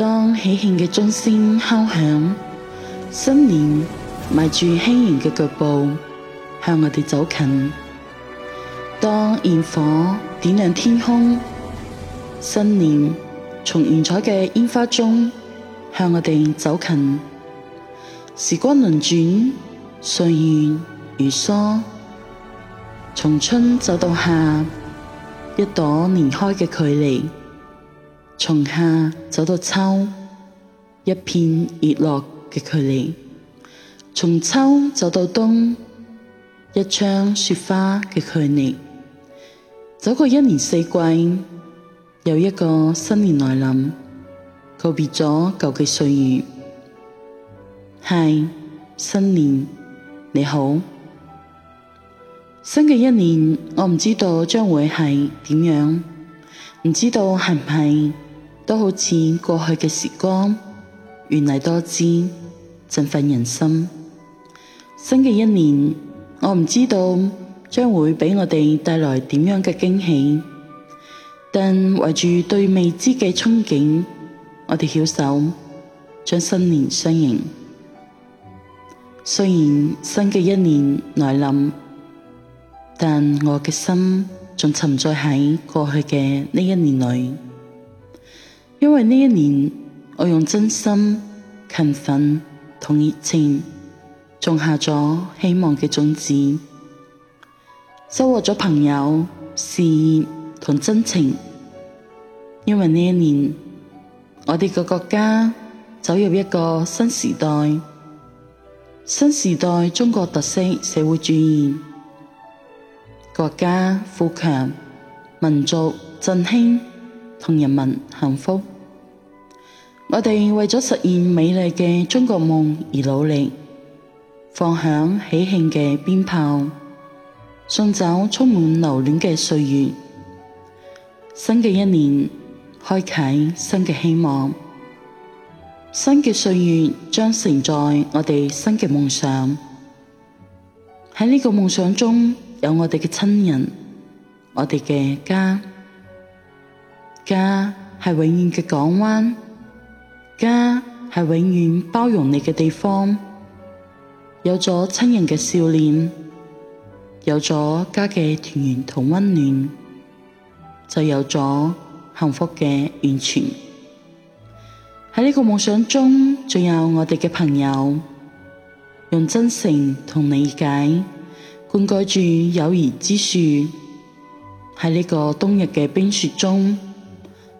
當喜慶嘅鐘聲敲響，響，新年邁住輕盈嘅腳步向我哋走近；當焰火點亮天空，新年從五彩嘅煙花中向我哋走近。時光輪轉，歲月如梭，從春走到夏，一朵年開嘅距離。從夏走到秋，一片葉落嘅距離；從秋走到冬，一窗雪花嘅距離。走過一年四季，又一個新年來臨，告別咗舊嘅歲月，嗨，新年你好。新嘅一年，我唔知道將會係點樣，唔知道係唔係。都好似過去嘅時光，絢麗多姿，振奮人心。新嘅一年，我唔知道將會俾我哋帶來點樣嘅驚喜，但懷住對未知嘅憧憬，我哋翹首將新年相迎。雖然新嘅一年來臨，但我嘅心仲沉醉喺過去嘅呢一年裏。因為呢一年，我用真心、勤奮同熱情，種下咗希望嘅種子，收穫咗朋友、事業同真情。因為呢一年，我哋嘅國家走入一個新時代，新時代中國特色社會主義，國家富強，民族振興，同人民幸福，我哋為咗實現美麗嘅中國夢而努力，放響喜慶嘅鞭炮，送走充滿留戀嘅歲月，新嘅一年開啟新嘅希望，新嘅歲月將承載我哋新嘅夢想。喺呢個夢想中有我哋嘅親人，我哋嘅家。家係永遠嘅港灣，家係永遠包容你嘅地方。有咗親人嘅笑臉，有咗家嘅團圓同溫暖，就有咗幸福嘅源泉。喺呢個夢想中，仲有我哋嘅朋友，用真誠同理解灌溉住友誼之樹。喺呢個冬日嘅冰雪中。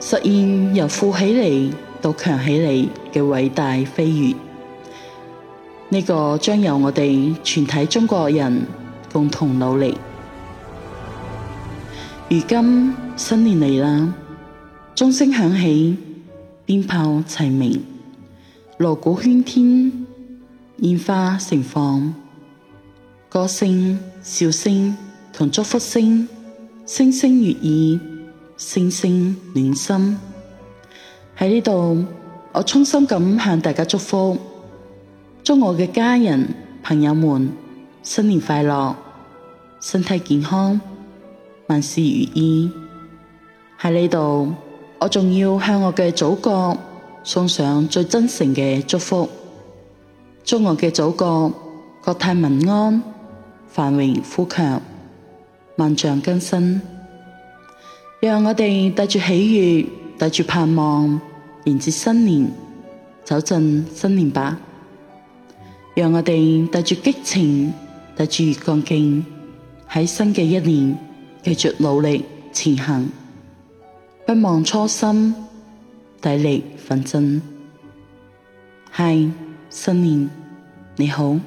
實現由富起嚟到強起嚟嘅偉大飛躍，呢、這個將由我哋全體中國人共同努力。如今新年嚟啦，鐘聲響起，鞭炮齊鳴，鑼鼓喧天，煙花盛放，歌聲、笑聲同祝福聲，聲聲悅耳。聲聲暖心，喺呢度，我衷心咁向大家祝福，祝我嘅家人朋友們新年快樂，身體健康，萬事如意。喺呢度，我仲要向我嘅祖國送上最真誠嘅祝福，祝我嘅祖國國泰民安，繁榮富強，萬象更新。讓我哋帶住喜悅，帶住盼望，迎接新年，走進新年吧。讓我哋帶住激情，帶住幹勁，喺新嘅一年繼續努力前行，不忘初心，砥礪奮進。嗨，新年你好。